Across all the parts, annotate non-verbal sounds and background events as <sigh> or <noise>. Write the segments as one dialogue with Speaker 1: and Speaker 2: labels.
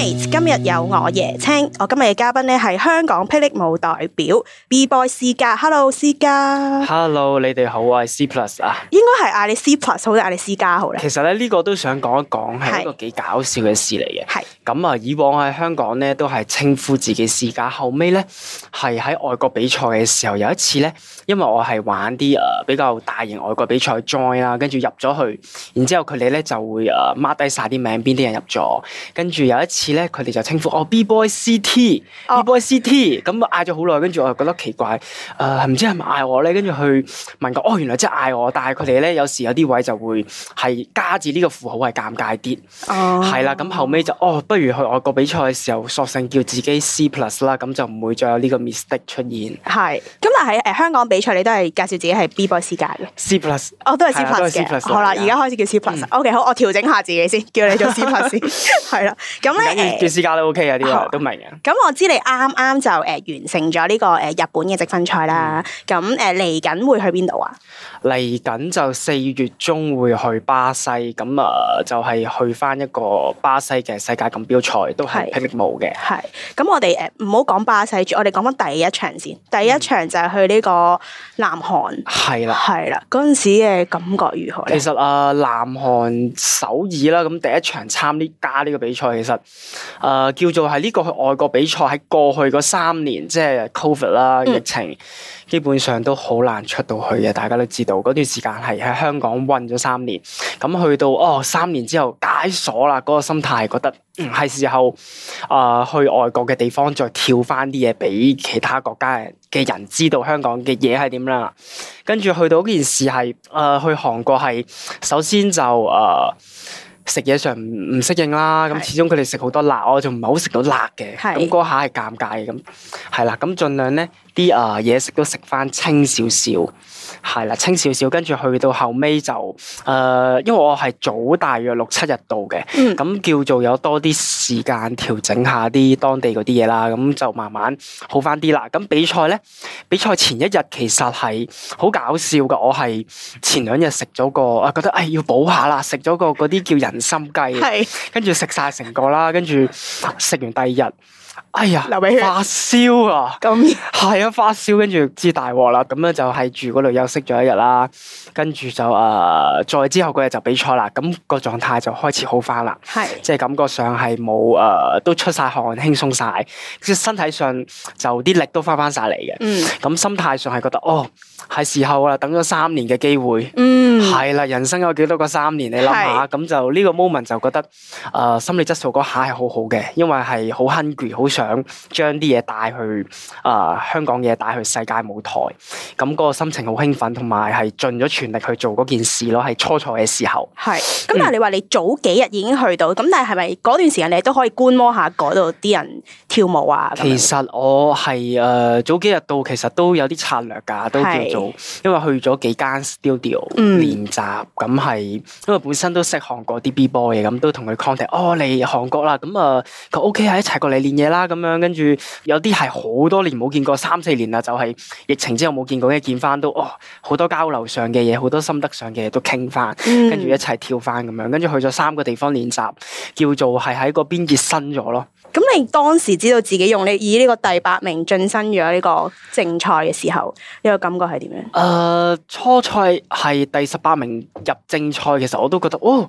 Speaker 1: 今日有我椰青，我今日嘅嘉賓咧係香港霹靂舞代表 B Boy 思嘉，Hello 思嘉，Hello 你
Speaker 2: 哋好，我係 C Plus 啊，
Speaker 1: 應該係嗌你 C Plus 好定嗌你思嘉好咧。其
Speaker 2: 實咧呢個都想講一講，係一個幾搞笑嘅事嚟嘅。係咁啊，以往喺香港咧都係稱呼自己思嘉，後尾咧係喺外國比賽嘅時候，有一次咧，因為我係玩啲誒比較大型外國比賽 join 啦，跟住入咗去，然之後佢哋咧就會誒 mark 低晒啲名，邊啲人入咗，跟住有一次。咧佢哋就稱呼哦 B boy C T、哦、B boy C T 咁嗌咗好耐，跟住我又覺得奇怪，誒、呃、唔知係咪嗌我咧？跟住去問佢，哦原來真係嗌我。但係佢哋咧有時有啲位就會係加住呢個符號尷，係尷尬啲。
Speaker 1: 係啦，咁後尾
Speaker 2: 就哦，不如去外國比賽嘅時候，索性叫自己 C plus 啦，咁就唔會再有呢個 mistake 出現。
Speaker 1: 係咁，但係誒香港比賽你都係介紹自己係 B boy C 界。嘅 C
Speaker 2: plus，我、哦、都係 C plus 嘅。好啦，而家
Speaker 1: 開始叫 C plus。嗯、o、okay, K，好，我調整下自己先，叫你做 C plus 係啦，咁咧。 <laughs> <laughs> <laughs>
Speaker 2: 叫私家都 OK 啊，呢嘢、哦、都明
Speaker 1: 嘅。咁我知你啱啱就誒完成咗呢個誒日本嘅積分賽啦。咁誒嚟緊會去邊度啊？
Speaker 2: 嚟緊就四月中會去巴西，咁啊就係去翻一個巴西嘅世界錦標賽，都係霹靂舞嘅。係。
Speaker 1: 咁我哋誒唔好講巴西，我哋講翻第一場先。第一場就係去呢個南韓。係啦、嗯。係啦的。嗰
Speaker 2: 陣時嘅感覺如何咧？其實啊，南韓首爾啦，咁第一場參呢家呢個比賽，其實～誒、呃，叫做係呢個去外國比賽，喺過去嗰三年，即係 Covid 啦，疫情，嗯、基本上都好難出到去嘅，大家都知道嗰段時間係喺香港困咗三年。咁去到哦、三年之後解鎖啦，嗰，那個心態係覺得係，嗯、係時候誒，呃、去外國嘅地方再跳翻啲嘢俾其他國家嘅人知道香港嘅嘢係點啦。跟住去到件事係誒，呃、去韓國係首先就誒。呃食嘢上唔唔適應啦，咁是始終佢哋食好多辣，我就唔係好食到辣嘅，咁嗰下係尷尬嘅，咁，係啦，咁盡量咧啲啊嘢食都食翻清少少。係啦，清少少，跟住去到後尾就誒、呃，因為我係早大約六七日到嘅，咁、嗯、叫做有多啲時間調整一下啲調整下啲當地嗰啲嘢啦，咁就慢慢好翻啲啦。咁比賽咧，比賽前一日其實係好搞笑嘅，我係前兩日食咗個，覺得誒、哎、要補下啦，食咗個嗰啲叫人參雞，跟住食晒成個啦，跟住食完第二日。哎呀，流鼻血，發燒啊！咁係啊，發燒，跟住知大鑊啦。咁樣就係住嗰度休息咗一日啦。跟住就誒，再之後嗰日就比賽啦。咁個狀態就開始好翻啦。係，即係感覺上係冇誒，都出晒汗，輕鬆晒，即係身體上就啲力都翻翻晒嚟嘅。嗯。咁心態上係覺得哦，係時候啦，等咗三年嘅機會。嗯。係啦，人生有幾多個三年？你諗下，咁就呢個 moment 就覺得誒，心理質素嗰下係好好嘅，因為係好 hungry，好。想將啲嘢帶去啊、呃，香港嘢帶去世界舞台，咁個心情好興奮，同埋係盡咗全力去做件事咯。係初賽嘅時候，
Speaker 1: 係咁，但係你話你早幾日已經去到，咁、嗯、但係係咪段時間你都可以觀摩下度啲人跳舞啊？其
Speaker 2: 實我係誒、呃、早幾日到，其實都有啲策略㗎，都叫做是因為去咗幾間 studio 練習、嗯，咁係因為本身都識韓國啲 B boy 嘅，咁都同佢 contact。哦，嚟韓國啦，咁啊，佢、呃、OK 喺一齊過嚟練嘢啦。咁樣跟住有啲係好多年冇見過，三四年啦，就係疫情之後冇見過嘅，見翻都哦，好多交流上嘅嘢，好多心得上嘅嘢都傾翻，跟住一齊跳翻咁樣，跟住去咗三個地方練習，叫做係喺、嗯嗯、個邊熱身咗咯。
Speaker 1: 咁你當時知道自己用你以呢個第八名晉身咗呢個正賽嘅時候，呢、呢個感覺係點樣？
Speaker 2: 誒、呃，初賽係第十八名入正賽嘅時候，我都覺得哦。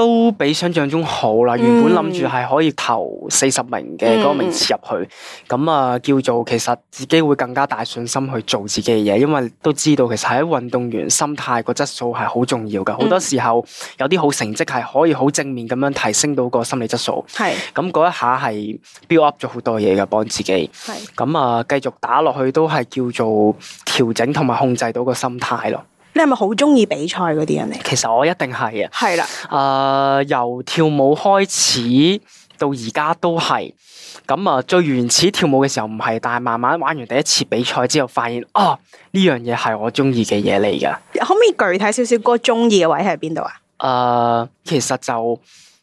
Speaker 2: 都比想象中好啦！原本諗住係可以投四十名嘅嗰個名次入去，咁啊、嗯呃、叫做其實自己會更加大信心去做自己嘅嘢，因為都知道其實喺運動員心態個質素係好重要噶好多時候有啲好成績係可以好正面咁樣提升到個心理質素。係咁嗰一下係 build up 咗好多嘢噶，幫自己。係咁啊，繼、呃、續打落去都係叫做調整同埋控制到個心態咯。
Speaker 1: 你係咪好中意比賽嗰啲人嚟？
Speaker 2: 其實我一定係啊。係啦，誒、呃，由跳舞開始到而家都係。咁啊，最原始跳舞嘅時候唔係，但係慢慢玩完第一次比賽之後，發現哦，呢樣嘢係我中意嘅嘢嚟噶。可
Speaker 1: 唔可以具體少少，個中意嘅位喺邊度啊？
Speaker 2: 誒，其實就。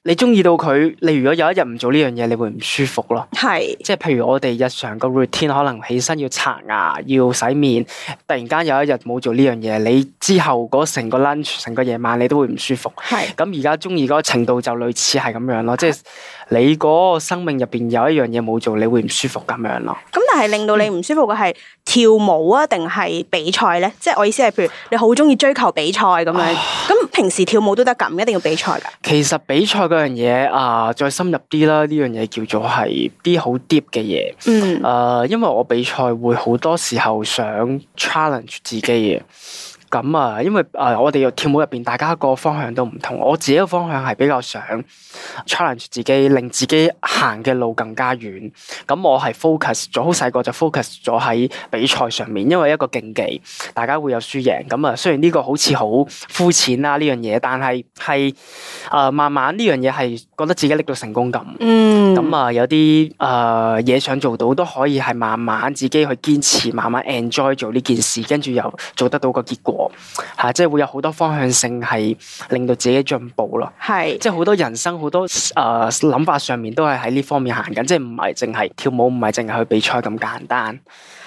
Speaker 2: 你中意到佢，你如果有一日唔做呢樣嘢，你會唔舒服咯。係是，即係譬如我哋日常個 routine 可能起身要刷牙、要洗面，突然間有一日冇做呢樣嘢，你之後嗰成個 lunch、成個夜晚你都會唔舒服。係是，咁而家中意嗰個程度就類似係咁樣咯，是即係你嗰生命入邊有一樣嘢冇做，你會唔舒服咁樣咯。
Speaker 1: 咁但係令到你唔舒服嘅係跳舞啊，定係比賽咧？嗯、即係我意思係，譬如你好中意追求比賽咁樣，咁唉平時跳舞都得咁，一定要比賽㗎？其
Speaker 2: 實比賽嗰樣嘢啊，再深入啲啦！呢樣嘢叫做係啲好 deep 嘅嘢。誒、嗯啊，因為我比賽會好多時候想 challenge 自己嘅。咁啊，因為誒、呃、我哋嘅跳舞入邊，大家個方向都唔同。我自己個方向係比較想 challenge 自己，令自己行嘅路更加遠，咁我係 focus 咗，好細個就 focus 咗喺比賽上面，因為一個競技，大家會有輸贏，咁啊，雖然呢個好似好膚淺啦呢樣嘢，但係係誒慢慢呢樣嘢係覺得自己拎到成功感。嗯。咁啊、呃，有啲誒嘢想做到，都可以係慢慢自己去堅持，慢慢 enjoy 做呢件事，跟住又做得到個結果。吓，即係會有好多方向性係令到自己進步咯是。係，即係好多人生好多誒諗、呃、法上面都係喺呢方面行緊，即係唔係淨係跳舞，唔係淨係去比賽咁
Speaker 1: 簡單。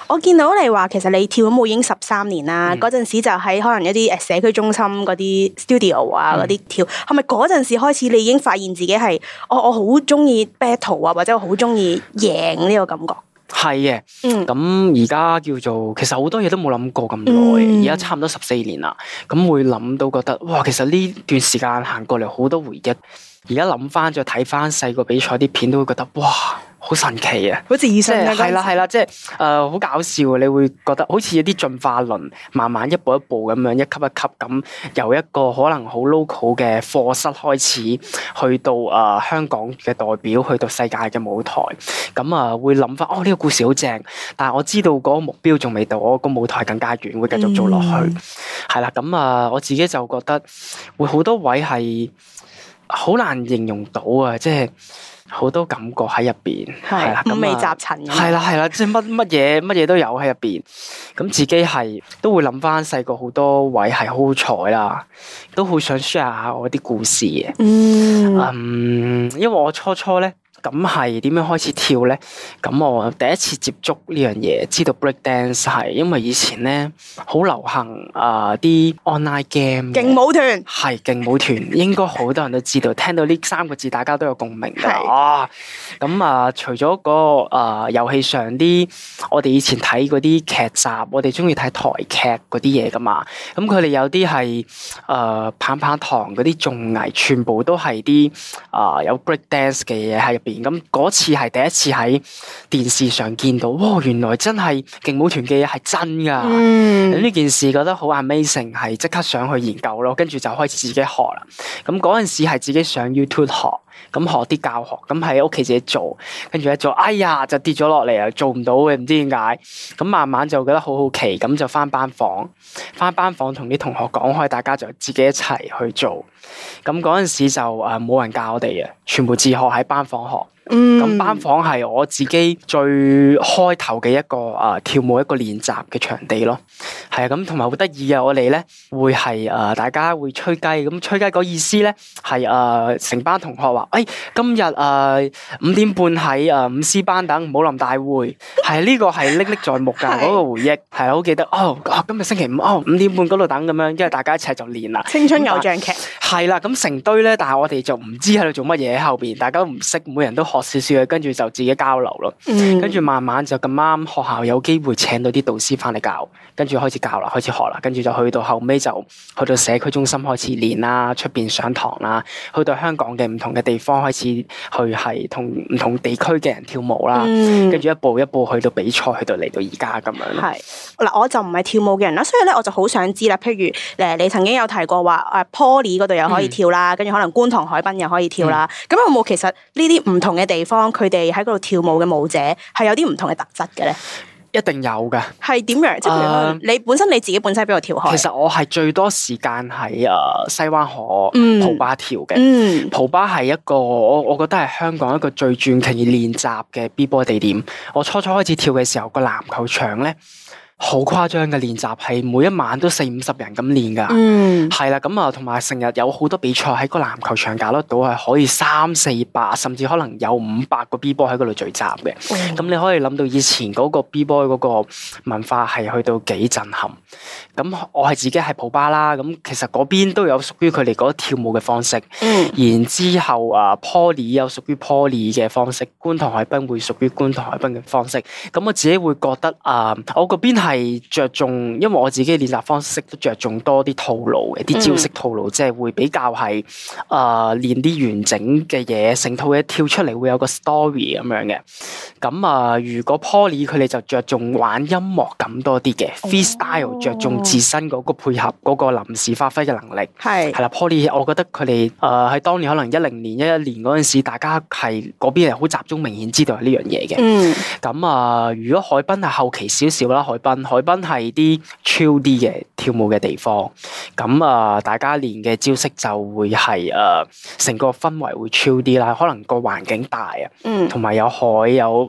Speaker 1: 我見到你話，其實你跳舞已經十三年啦。嗰陣、嗯、時就喺可能一啲誒社區中心嗰啲 studio 啊，嗰啲跳，係咪嗰陣時開始你已經發現自己係、哦、我我好中意 battle 啊，或者我好中意贏呢個感覺？係嘅，
Speaker 2: 咁而家叫做，其實好多嘢都冇諗過咁耐，而家、嗯、差唔多十四年啦，咁會諗到覺得，哇，其實呢段時間行過嚟好多回憶，而家諗翻再睇翻細個比賽啲片，都會覺得，哇！好神奇啊！好似意識，係啦係啦，即係誒，好、呃，搞笑啊！你會覺得好似有啲進化論，慢慢一步一步咁樣，一級一級咁，由一個可能好 local 嘅課室開始，去到誒、呃、香港嘅代表，去到世界嘅舞台，咁啊會諗翻哦，呢、這個故事好正。但係我知道嗰個目標仲未到，我、那個舞台更加遠，會繼續做落去。係啦、嗯，咁啊、呃，我自己就覺得會好多位係好難形容到啊，即係。好多感覺喺入邊，係啦，咁未集塵嘅，係啦係啦，即係乜乜嘢乜嘢都有喺入邊。咁自己係都會諗翻細個好多位係好彩啦，都好想 share 下我啲故事嘅。嗯，嗯，因為我初初咧。咁係點樣開始跳咧？咁我第一次接觸呢樣嘢，知道 break dance 係因為以前咧好流行啊啲、呃、online game 勁。勁舞團係勁舞團，應該好多人都知道，聽到呢三個字，大家都有共鳴㗎。的啊！咁啊，除咗嗰、那個啊、呃、遊戲上啲，我哋以前睇嗰啲劇集，我哋中意睇台劇嗰啲嘢㗎嘛。咁佢哋有啲係啊棒棒堂嗰啲綜藝，全部都係啲啊有 break dance 嘅嘢喺入邊。咁次係第一次喺電視上見到，哇！原來真係勁舞團嘅嘢係真㗎，呢、mm. 件事覺得好 amazing，係即刻上去研究咯，跟住就開始自己學啦。咁嗰陣時係自己上 YouTube 學。咁學啲教學，咁喺屋企自己做，跟住一做，哎呀就跌咗落嚟啊，做唔到嘅，唔知點解。咁慢慢就覺得好好奇，咁就返班房，返班房同啲同學講開，大家就自己一齊去做。咁嗰陣時就誒冇人教我哋嘅，全部自學喺班房學。咁、嗯、班房係我自己最開頭嘅一個啊、呃、跳舞一個練習嘅場地咯，係啊，咁同埋好得意啊。我哋咧會係啊、呃、大家會吹雞，咁吹雞個意思咧係啊，成班同學話，誒、哎、今日啊、呃呃、五點半喺啊五 C 班等舞林大會，係呢個係歷歷在目噶，嗰個回憶係好記得哦，哦今日星期五哦五點半嗰度等咁樣，跟住大家一齊就練啦。青春偶像劇係啦，咁、呃、成堆咧，但係我哋就唔知喺度做乜嘢喺後邊，大家都唔識，每人都學，學。少少嘅，跟住就自己交流咯。跟住、嗯，慢慢就咁啱，學校有機會請到啲導師翻嚟教，跟住開始教啦，開始學啦。跟住就去到後尾就去到社區中心開始練啦，出邊上堂啦，去到香港嘅唔同嘅地方開始去係同唔同地區嘅人跳舞啦。跟住、嗯、一步一步去到比賽去到嚟到而家咁樣。係
Speaker 1: 嗱，我就唔係跳舞嘅人啦，所以咧我就好想知啦。譬如誒，你曾經有提過話，誒、啊、Poly 嗰度又可以跳啦，跟住、嗯、可能觀塘海濱又可以跳啦。咁、嗯、有冇其實呢啲唔同？嘅地方，佢哋喺度跳舞嘅舞者，係有啲唔同嘅特質嘅咧，一定有㗎。係點樣？即係你本身你自己本身邊度跳開？其實我係最
Speaker 2: 多時間喺啊西灣河蒲巴跳嘅、嗯。嗯，蒲巴係一個我我覺得係香港一個最傳奇練習嘅 Bboy 地點。我初初開始跳嘅時候，個籃球場咧。好誇張嘅練習係每一晚都四五十人咁練㗎，係啦、嗯，咁啊同埋成日有好多比賽喺個籃球場搞得到，係可以三四百甚至可能有五百個 B boy 喺度聚集嘅。咁、嗯、你可以諗到以前嗰個 B boy 嗰個文化係去到幾震撼。咁我係自己係普巴啦，咁其實嗰邊都有屬於佢哋嗰跳舞嘅方式。嗯、然之後啊，Poly 有屬於 Poly 嘅方式，觀塘海濱會屬於觀塘海濱嘅方式。咁我自己會覺得啊，我個邊係係着重，因為我自己練習方式都着重多啲套路嘅，啲招式套路即係會比較係啊練啲完整嘅嘢，成套嘢跳出嚟會有個 story 咁樣嘅。咁啊、呃，如果 Poly 佢哋就着重玩音樂感多啲嘅 freestyle 着重自身個配合、嗰個臨時發揮嘅能力係係啦，Poly 我覺得佢哋誒喺當年可能一零年一一年陣時大家係邊係好集中，明顯知道係呢樣嘢嘅。嗯，咁啊、呃，如果海濱係後期少少啦，海濱。海濱係啲超啲嘅跳舞嘅地方，咁啊，大家練嘅招式就會係誒，成個氛圍會超啲啦。可能個環境大啊，同埋有海有誒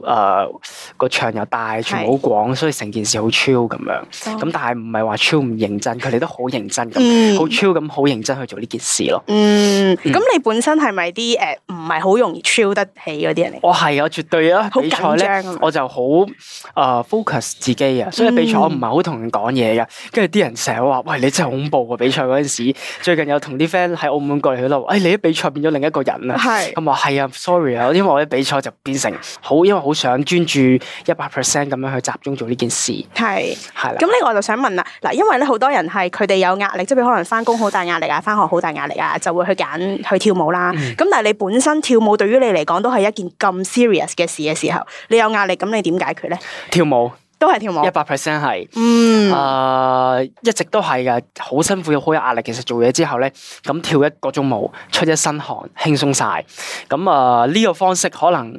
Speaker 2: 個、呃、場又大，全部好廣，所以成件事好超咁樣。咁但係唔係話超唔認真，佢哋都好認真咁，好超咁好認真去做呢件事咯。嗯，咁你
Speaker 1: 本身係咪啲誒唔係好容易超得起嗰啲人嚟？我
Speaker 2: 係啊，絕對啊，比賽咧我就好誒 focus 自己啊，因為。嗯、我唔係好同人講嘢嘅，跟住啲人成日話，喂，你真係恐怖啊！比賽嗰陣時，最近有同啲 friend 喺澳門過嚟，佢都話，哎，你啲比賽變咗另一個人啊！咁話係啊，sorry 啊，因為我啲比賽就變成好，因為好想專注一百 percent 咁樣去集中做呢件事。係係啦，咁
Speaker 1: 呢個我就想問啦，嗱，因為咧好多人係佢哋有壓力，即係可能翻工好大壓力啊，翻學好大壓力啊，就會去揀去跳舞啦。咁、嗯、但係你本身跳舞對於你嚟講都係一件咁 serious 嘅事嘅時候，你有壓力，咁你點解決咧？跳舞。都係跳舞，一
Speaker 2: 百 percent 係，誒、嗯 uh，一直都係嘅，好辛苦又好有壓力。其實做嘢之後咧，咁跳一個鐘舞出一身汗，輕鬆晒。咁啊呢個方式可能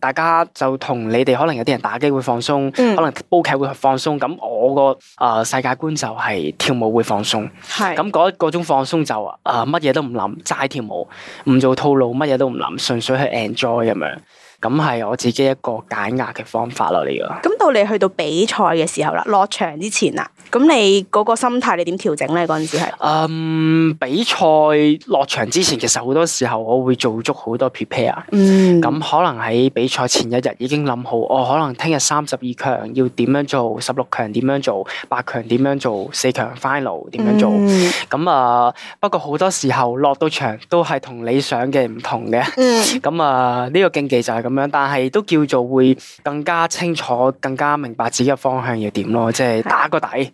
Speaker 2: 大家就同你哋可能有啲人打機會放鬆，嗯、可能煲劇會放鬆。咁我個誒、uh，世界觀就係跳舞會放鬆。係咁，嗰嗰種放鬆就誒，乜嘢都唔諗，齋跳舞，唔做套路，乜嘢都唔諗，純粹去 enjoy 咁樣。咁係我自己一個解壓嘅方法咯，呢個。咁
Speaker 1: 到你去到比賽嘅時候啦，落場之前啦。咁你嗰個心態你點調整咧？嗰陣時係，
Speaker 2: 比賽落場之前，其實好多時候我會做足好多 prepare。嗯，咁可能喺比賽前一日已經諗好，我、哦、可能聽日三十二強要點樣做，十六強點樣做，八強點樣做，四強 final 點樣做。咁啊、嗯嗯，不過好多時候落到場都係同理想嘅唔同嘅。嗯，咁啊、嗯，呢、呢個競技就係咁樣，但係都叫做會更加清楚、更加明白自己嘅方向要點咯，即係打個底。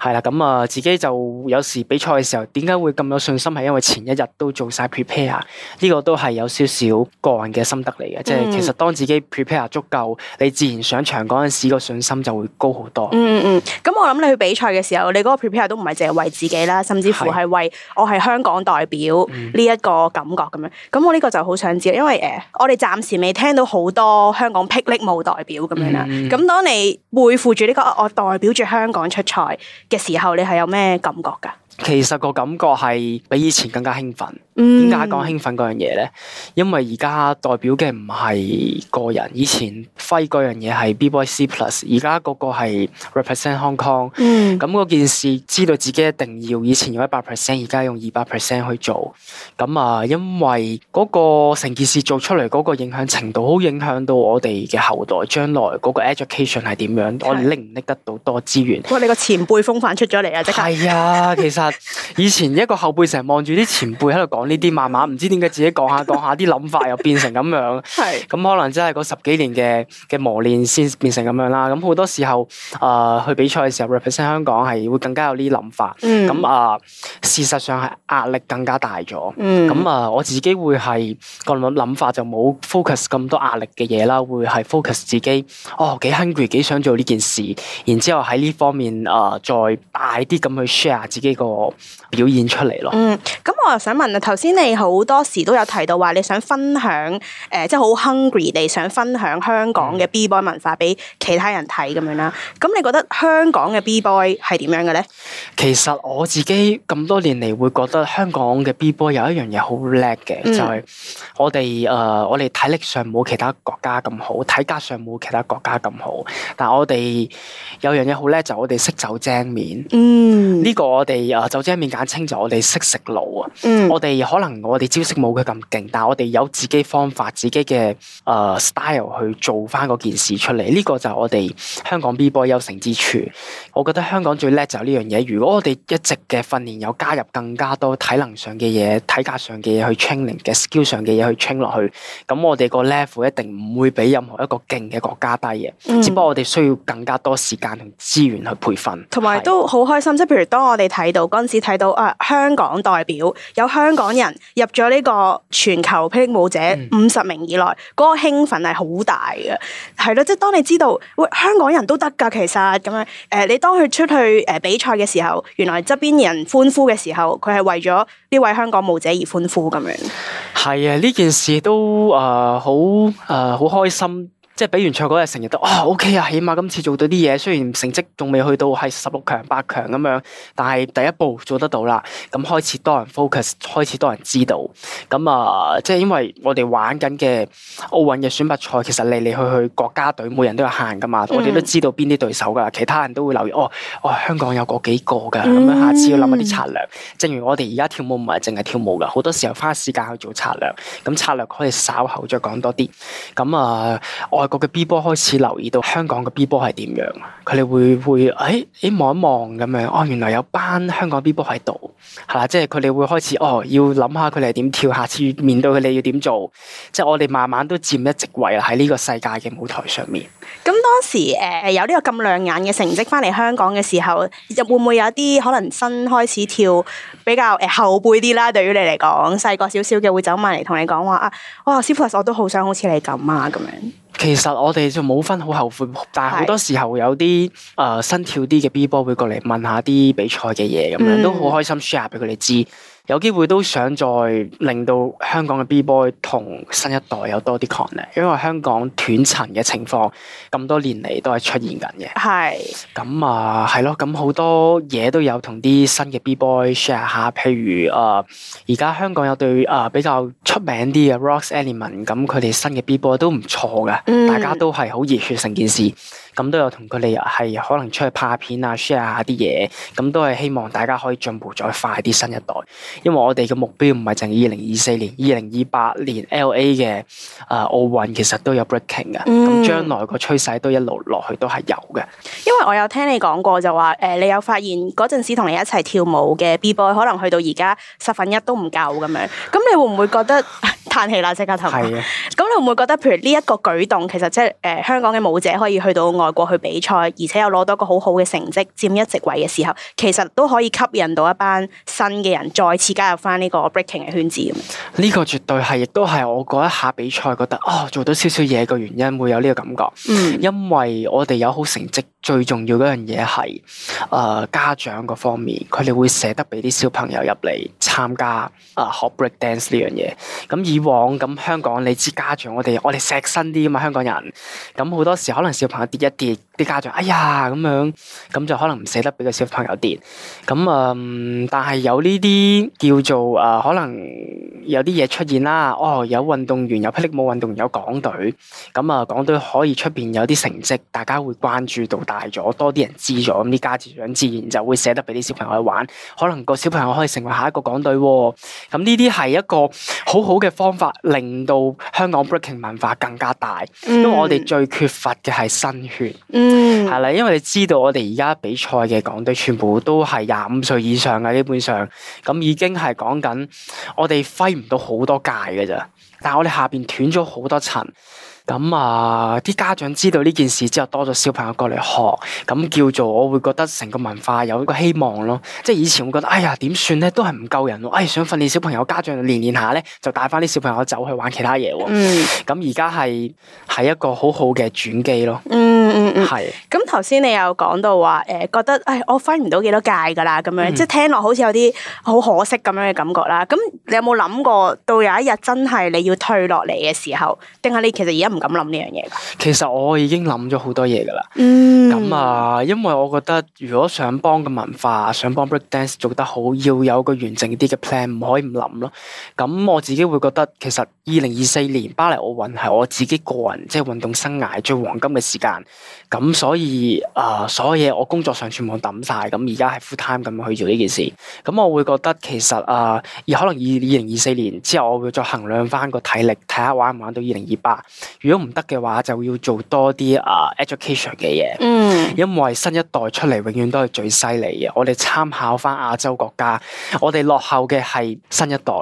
Speaker 2: 係啦，咁啊，自己就有時比賽嘅時候，點解會咁有信心？係因為前一日都做晒 prepare，呢個都係有少少個人嘅心得嚟嘅。嗯、即係其實當自己 prepare 足夠，你自然上場嗰陣時個信心就會高好多。嗯
Speaker 1: 嗯，咁我諗你去比賽嘅時候，你嗰個 prepare 都唔係淨係為自己啦，甚至乎係為我係香港代表呢一個感覺咁樣。咁、嗯、我呢個就好想知道，因為誒、呃，我哋暫時未聽到好多香港霹靂舞代表咁樣啦。咁、嗯嗯、當你背負住呢、呢個我代表住香港出賽嘅時候，你係有咩感覺㗎？
Speaker 2: 其實個感覺係比以前更加興奮。點解講興奮樣嘢咧？因為而家代表嘅唔係個人，以前輝樣嘢係 BBoy C Plus，而家個係 Represent Hong Kong。嗯。咁件事知道自己一定要，以前用一百 percent，而家用二百 percent 去做。咁啊，因為個成件事做出嚟個影響程度，好影響到我哋嘅後代將來個 education 係點樣，是的 我哋拎唔拎得到多資源。
Speaker 1: 哇！你個前輩風範出咗嚟啊！即係。係啊，
Speaker 2: 其實以前一個後輩成日望住啲前輩喺度講。呢啲慢慢唔知點解自己講下講下啲諗法又變成咁樣，係咁可能真係嗰十幾年嘅嘅磨練先變成咁樣啦。咁好多時候誒、呃、去比賽嘅時候 represent 香港係會更加有啲諗法。咁啊、嗯呃、事實上係壓力更加大咗。咁啊、嗯呃、我自己會係個諗法就冇 focus 咁多壓力嘅嘢啦，會係 focus 自己哦幾 hungry 幾想做呢件事，然之後喺呢方面誒、呃、再大啲咁去 share 自己個表現出嚟咯。嗯，
Speaker 1: 咁我又想問。頭先你好多時都有提到話，你想分享誒、呃，即係好 hungry 你想分享香港嘅 B-boy 文化俾其他人睇咁樣啦。咁、嗯、你覺得香港嘅 B-boy 係點樣嘅咧？其實我
Speaker 2: 自己咁多年嚟會覺得香港嘅 B-boy 有一樣嘢好叻嘅，嗯、就係我哋誒、呃，我哋體力上冇其他國家咁好，體格上冇其他國家咁好，但係我哋有樣嘢好叻就係、我哋識走精面。
Speaker 1: 嗯，呢
Speaker 2: 個我哋誒走精面簡稱就我哋識食腦啊。嗯、我哋有可能我哋招式冇佢咁勁，但係我哋有自己方法，自己嘅誒、呃、style 去做翻件事出嚟。呢、這個就係我哋香港 BBoy 優勝之處，我覺得香港最叻就係呢樣嘢。如果我哋一直嘅訓練有加入更加多體能上嘅嘢，體格上嘅嘢去 training 嘅 skill 上嘅嘢去 train 落去，咁我哋個 level 一定唔會比任何一個勁嘅國家低嘅。嗯、只不過我哋需要更加多時間同資源去培訓，同
Speaker 1: 埋都好開心。即譬如當我哋睇到陣時睇到啊、呃、香港代表有香港。人入咗呢個全球霹靂舞者五十名以內，嗰、嗯、個興奮係好大嘅，係咯。即係當你知道，喂，香港人都得噶其實咁樣。誒、呃，你當佢出去誒、呃、比賽嘅時候，原來側邊人歡呼嘅時候，佢係為咗呢位香港舞者而歡呼咁樣。
Speaker 2: 係啊，呢件事都誒好誒好開心。即係比完賽嗰日成日都，哇、哦，OK 啊，起碼今次做到啲嘢，雖然成績仲未去到係十六強、八強咁樣，但係第一步做得到啦。咁開始多人 focus，開始多人知道。咁啊、呃，即係因為我哋玩緊嘅奧運嘅選拔賽，其實嚟嚟去去國家隊每人都有限噶嘛，嗯、我哋都知道邊啲對手噶，其他人都會留意。哦，哦，哦，香港有嗰幾個噶，咁樣、嗯、下次要諗一啲策略。正如我哋而家跳舞唔係淨係跳舞噶，好多時候花時間去做策略。咁策略可以稍後再講多啲。咁啊，我、呃。各國嘅 B 波開始留意到香港嘅 B 波係點樣，佢哋會會誒，誒望一望咁樣，哦，原來有班香港 B 波喺度，係啦，即係佢哋會開始，哦，要諗下佢哋點跳，下次面對佢哋要點做，即係我哋慢慢都佔一席位啦喺呢個世界嘅舞台上面。
Speaker 1: 咁當時誒、呃、有呢個咁亮眼嘅成績翻嚟香港嘅時候，會唔會有一啲可能新開始跳比較誒、呃、後輩啲啦？對於你嚟講，細個少少嘅會走埋嚟同你講話啊，哇 s y l 我都好想好似你咁啊，咁、啊、樣。啊啊
Speaker 2: 其實我哋就冇分好後悔，但係好多時候有啲誒、呃、新跳啲嘅 B 波會過嚟問一下啲比賽嘅嘢咁樣，嗯、都好開心 share 俾佢哋知。有機會都想再令到香港嘅 B boy 同新一代有多啲 connect，因為香港斷層嘅情況咁多年嚟都係出現緊嘅。係咁啊，係咯、嗯，咁好多嘢都有同啲新嘅 B boy share 下，譬如誒而家香港有對啊比較出名啲嘅 Rox Element，咁佢哋新嘅 B boy 都唔錯㗎，大家都係好熱血成件事。嗯嗯咁都有同佢哋係可能出去拍片啊，share 下啲嘢，咁都係希望大家可以進步再快啲，新一代。因為我哋嘅目標唔係淨係2024年、二零二八年 LA 嘅啊奧運，其實都有 breaking 嘅。咁將、嗯、來個趨勢都一路落去都係有嘅。
Speaker 1: 因為我有聽你講過，就話誒、呃、你有發現嗰陣時同你一齊跳舞嘅 B boy 可能去到而家十分一都唔夠咁樣，咁你會唔會覺得？ <laughs> 嘆氣啦，即刻同。咁是的 你會唔會覺得，譬如呢一個舉動，其實即係誒香港嘅舞者可以去到外國去比賽，而且又攞到一個好好嘅成績，佔一席位嘅時候，其實都可以吸引到一班新嘅人再次加入翻呢個 breaking 嘅圈子咁。
Speaker 2: 呢個絕對係亦都係我嗰一下比賽覺得啊、哦，做到少少嘢嘅原因，會有呢個感覺。嗯，因為我哋有好成績，最重要嗰樣嘢係誒家長嗰方面，佢哋會捨得俾啲小朋友入嚟參加啊、呃、學 break dance 呢樣嘢。咁以往咁香港，你知家長，我哋我哋錫身啲嘛香港人。咁好多時可能小朋友跌一跌，啲家長哎呀，咁樣咁就可能唔捨得俾個小朋友跌。咁啊、嗯，但係有呢啲叫做啊、呃、可能有啲嘢出現啦。哦，有運動員有霹靂舞運動員有港隊，咁啊，港隊可以出邊有啲成績大家會關注度大咗，多啲人知咗，咁啲家長自然就會捨得俾啲小朋友去玩。可能個小朋友可以成為下一個港隊，咁呢啲係一個好好嘅方。令到香港 breaking 文化更加大，因為我哋最缺乏嘅係新血，係啦、嗯，因為你知道我哋而家比賽嘅港隊全部都係廿五歲以上嘅。基本上咁已經係講緊我哋揮唔到好多屆嘅咋，但係我哋下邊斷咗好多層。咁啊！啲家長知道呢件事之後，多咗小朋友過嚟學，咁叫做我會覺得成個文化有一個希望咯。即係以前會覺得，哎呀點算咧？都係唔夠人喎。哎，想訓練小朋友家長練練下咧，就帶翻啲小朋友走去玩其他嘢喎。咁而家係係一個好好嘅轉機咯、嗯。
Speaker 1: 嗯嗯嗯，係、嗯。咁頭先你有講到話誒、呃，覺得哎我翻唔到幾多屆㗎啦，咁樣、嗯、即係聽落好似有啲好可惜咁樣嘅感覺啦。咁你有冇諗過到有一日真係你要退落嚟嘅時候，定係你其實而家？唔敢諗呢樣嘢，
Speaker 2: 其實我已經諗咗好多嘢噶啦。
Speaker 1: 嗯。咁啊，
Speaker 2: 因為我覺得如果想幫個文化，想幫 break dance 做得好，要有一個完整啲嘅 plan，唔可以唔諗咯。咁我自己會覺得，其實二零二四年巴黎奧運係我自己個人即係運動生涯最黃金嘅時間。咁所以啊、呃，所有嘢我工作上全部抌晒，咁而家係 full time 咁去做呢件事。咁我會覺得其實啊，而、呃、可能二二零二四年之後，我會再衡量翻個體力，睇下玩唔玩到二零二八。如果唔得嘅話，就要做多啲啊、uh, education 嘅嘢。嗯，因為新一代出嚟永遠都係最犀利嘅。我哋參考翻亞洲國家，我哋落後嘅係新一代。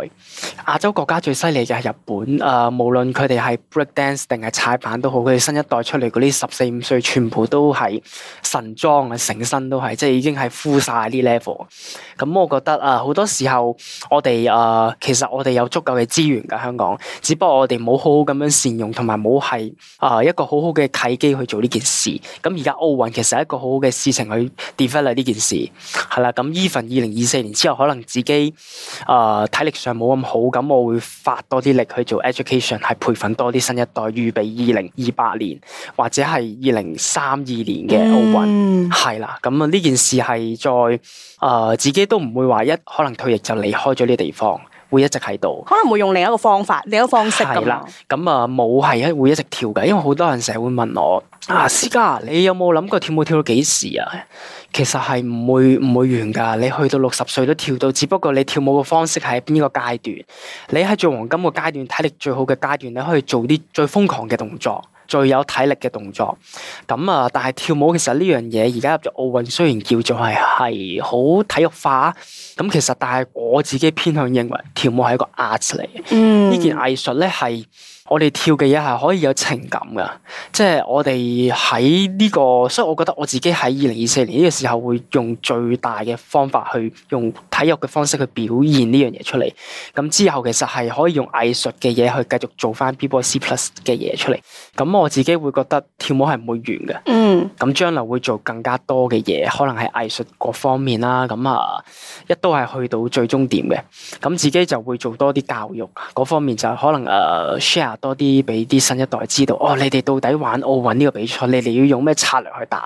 Speaker 2: 亞洲國家最犀利嘅係日本。啊、呃，無論佢哋係 break dance 定係踩板都好，佢哋新一代出嚟啲十四五歲全部都係神裝啊，成身都係，即係已經係敷晒啲 level，嗯。咁我覺得啊，呃、好多時候我哋誒、呃，其實我哋有足夠嘅資源噶香港，只不過我哋冇好好咁樣善用，同埋冇。我係啊一個好好嘅契機去做呢件事，咁而家奧運其實係一個好好嘅事情去 develop 呢件事係啦，咁 even 二零二四年之後可能自己啊、呃、體力上冇咁好，咁我會發多啲力去做 education，係培訓多啲新一代預備二零二八年或者係二零三二年嘅奧運，係啦、mm.，咁啊呢件事係在啊、呃、自己都唔會話一可能退役就離開咗呢地方。會一直喺度，
Speaker 1: 可能會用另一個方法，另一個方式。係啦，
Speaker 2: 咁啊舞係一會一直跳噶，因為好多人成日會問我啊，思嘉，你有冇諗過跳舞跳到幾時啊？其實係唔會唔會完噶，你去到六十歲都跳到，只不過你跳舞嘅方式喺邊個階段，你喺最黃金嘅階段，體力最好嘅階段，你可以做啲最瘋狂嘅動作。最有體力嘅動作，咁啊，但係跳舞其實呢樣嘢而家入咗奧運，雖然叫做係係好體育化，咁其實但係我自己偏向認為跳舞係一個 art 嚟嘅，嗯、呢件藝術咧係。我哋跳嘅嘢係可以有情感噶，即係我哋喺呢個，所以我覺得我自己喺二零二四年呢個時候會用最大嘅方法去用體育嘅方式去表現呢樣嘢出嚟。咁之後其實係可以用藝術嘅嘢去繼續做翻 BBoy C Plus 嘅嘢出嚟。咁我自己會覺得跳舞係唔會完嘅。嗯。咁將來會做更加多嘅嘢，可能係藝術嗰方面啦。咁啊，一都係去到最終點嘅。咁自己就會做多啲教育嗰方面，就可能誒、呃、share。多啲俾啲新一代知道、no、ely, 哦！你哋到底玩奧運呢個比賽，你哋要用咩策略去打？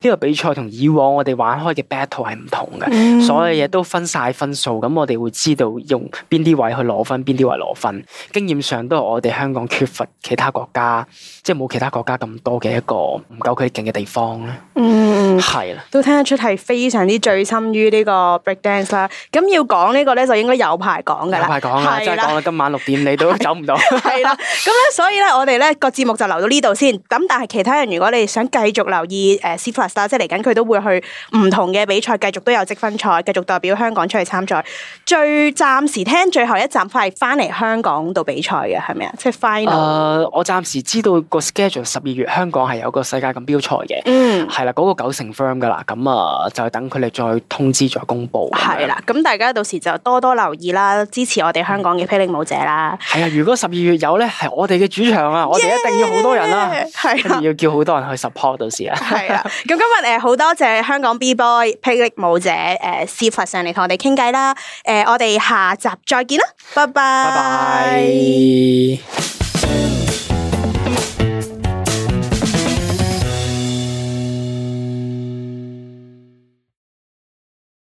Speaker 2: 呢個比賽同以往我哋玩開嘅 battle 係唔同嘅，所有嘢都分晒分數。咁我哋會知道用邊啲位去攞分，邊啲位攞分。經驗上都係我哋香港缺乏其他國家，即係冇其他國家咁多嘅一個唔夠佢勁嘅地方咧。
Speaker 1: 嗯，係啦，都聽得出係非常之醉心於呢個 breakdance 啦。咁要講呢個咧，就應該有排講噶啦，有排講啦，真係講
Speaker 2: 到今晚六點你都走唔到，係啦。
Speaker 1: 咁咧，所以咧，我哋咧個節目就留到呢度先。咁但係其他人，如果你想繼續留意誒 C Plus 啦，即係嚟緊佢都會去唔同嘅比賽，繼、嗯、續都有積分賽，繼續代表香港出去參賽。最暫時聽最後一站快翻嚟香港度比賽嘅，係咪啊？即係 final、呃。
Speaker 2: 我暫時知道個 schedule 十二月香港係有個世界錦標賽嘅，嗯，係啦，嗰個九成 firm 噶啦。咁啊，就等佢哋再通知再公布。係啦、嗯，
Speaker 1: 咁大家到時就多多留意啦，支持我哋香港嘅霹靂舞者啦。
Speaker 2: 係啊，如果十二月有咧。我哋嘅主場啊，Yeah! 我哋一定要好多人啦，Yeah! 一定要叫好多人去 support Yeah! 到時啊。係啦 <laughs> ，
Speaker 1: 咁今日誒好多謝香港 B Boy 霹靂 <laughs> 舞者誒 C Plus 上嚟同我哋傾偈啦。誒、呃，我哋下集再見啦，拜拜。